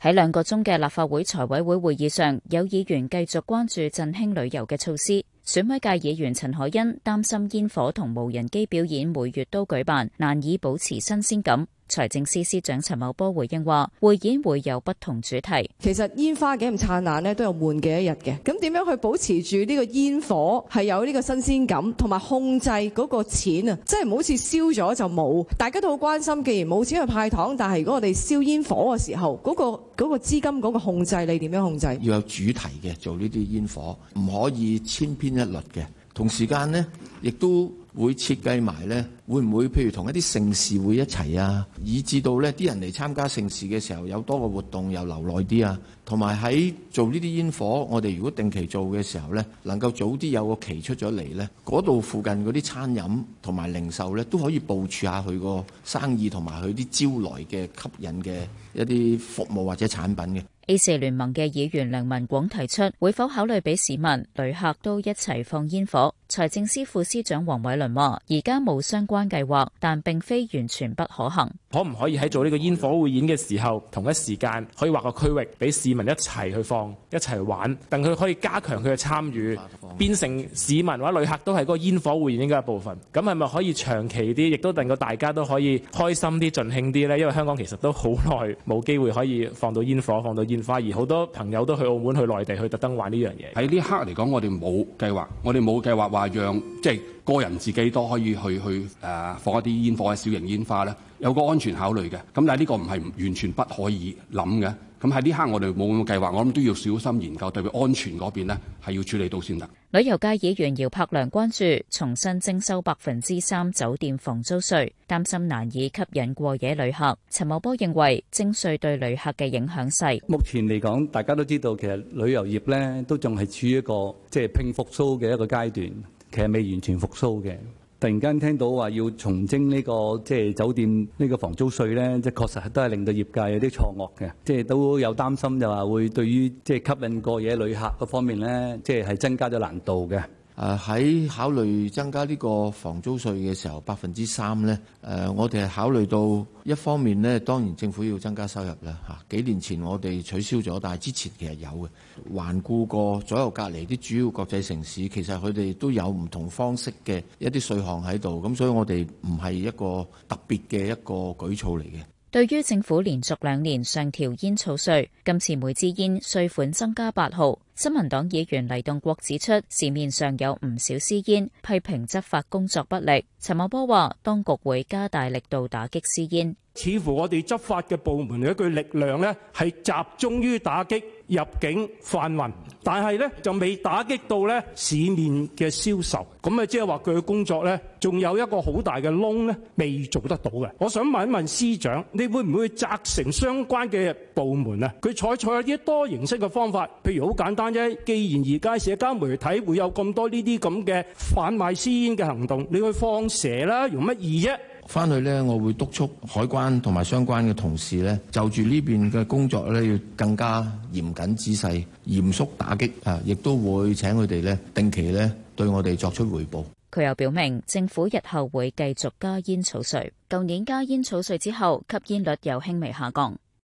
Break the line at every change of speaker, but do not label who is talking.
喺兩個鐘嘅立法會財委會會議上，有議員繼續關注振興旅遊嘅措施。選委界議員陳凱欣擔心煙火同無人機表演每月都舉辦，難以保持新鮮感。財政司司長陳茂波回應話，匯演會有不同主題。其實煙花幾咁燦爛呢，都有悶嘅一日嘅。咁點樣去保持住呢個
煙火係有呢個新鮮感，同埋控制嗰個錢啊，即係唔好似燒咗就冇。大家都好關心，既然冇錢去派糖，但係如果我哋燒煙火嘅時候，嗰個
嗰個資金嗰個控制，你點樣控制？要有主題嘅做呢啲煙火，唔可以千篇一律嘅，同時間呢，亦都會設計埋呢，會唔會譬如同一啲盛事會一齊啊，以至到呢啲人嚟參加盛事嘅時候有多個活動，又留耐啲啊，同埋喺做呢啲煙火，我哋如果定期做嘅時候呢，能夠早啲有個期出咗嚟呢，嗰度附近嗰啲餐飲同埋零售呢，都可以部署下佢個生意同埋佢啲招來嘅吸引嘅一啲服務或者
產品嘅。A4 聯盟嘅議員梁文廣提出，會否考慮俾市民、旅客都一齊放煙火？財政司副司長黃偉綸話，而家冇相關計劃，但並非完全不可行。
可唔可以喺做呢個煙火匯演嘅時候，同一時間可以劃個區域俾市民一齊去放，一齊玩，令佢可以加強佢嘅參與，變成市民或者旅客都係嗰個煙火匯演應該一部分。咁係咪可以長期啲，亦都令到大家都可以開心啲、盡興啲呢？因為香港其實都好耐冇機會可以放到煙火、放到煙花，而好多朋友都去澳門、去內地去特登玩呢樣嘢。喺呢刻嚟講，我哋冇
計劃，我哋冇計劃話。啊！讓即係個人自己都可以去去誒、啊、放一啲煙火嘅小型煙花咧，有個安全考慮嘅。咁但係呢個唔係完全不可以諗嘅。咁喺呢刻我哋冇咁嘅計劃，我諗都要小心研究，特別安全嗰邊咧，係要處理到先得。.
旅遊界議員姚柏，柏良關注重新徵收百分之三酒店房租稅，擔心難以吸引過夜旅客。陳茂波認為徵稅對旅客嘅影響細。
目前嚟講，大家都知道，其實旅遊業咧都仲係處於一個即係、就是、拼復蘇嘅一個階段，其實未完全復蘇嘅。突然間聽到話要重徵呢、這個即係、就是、酒店呢個房租稅咧，即係確實都係令到業界有啲錯愕嘅，即係都有擔心就話會對於即係吸引過夜旅客嗰方面咧，即係係增加咗難度
嘅。誒喺、啊、考慮增加呢個房租稅嘅時候，百分之三呢，誒、呃、我哋係考慮到一方面呢，當然政府要增加收入啦嚇、啊。幾年前我哋取消咗，但係之前其實有嘅。環顧過左右隔離啲主要國際城市，其實佢哋都有唔同方式嘅一啲稅項喺度，咁所以我哋唔係一個特別嘅一個舉措嚟嘅。
對於政府連續兩年上調煙草稅，今次每支煙稅款增加八毫，新民黨議員黎棟國指出，市面上有唔少私煙，批評執法工作不力。陳茂波話，當局會加大力度打擊私煙。
似乎我哋執法嘅部門一個力量呢係集中於打擊入境販運，但係咧就未打擊到咧市面嘅銷售，咁啊即係話佢嘅工作咧仲有一個好大嘅窿咧，未做得到嘅。我想問一問司長，你會唔會責成相關嘅部門啊？佢採取一啲多形式嘅方法，譬如好簡單啫。既然而家社交媒體會有
咁多呢啲咁嘅販賣私煙嘅行動，你去放蛇啦，容乜易啫？翻去呢，我會督促海關同埋相關嘅同事呢，就住呢邊嘅工作呢，要更加嚴謹、仔細、嚴肅打擊啊！亦都會請佢哋呢定期呢對我哋作出回報。
佢又表明，政府日後會繼續加煙草稅。舊年加煙草稅之後，吸煙率有輕微下降。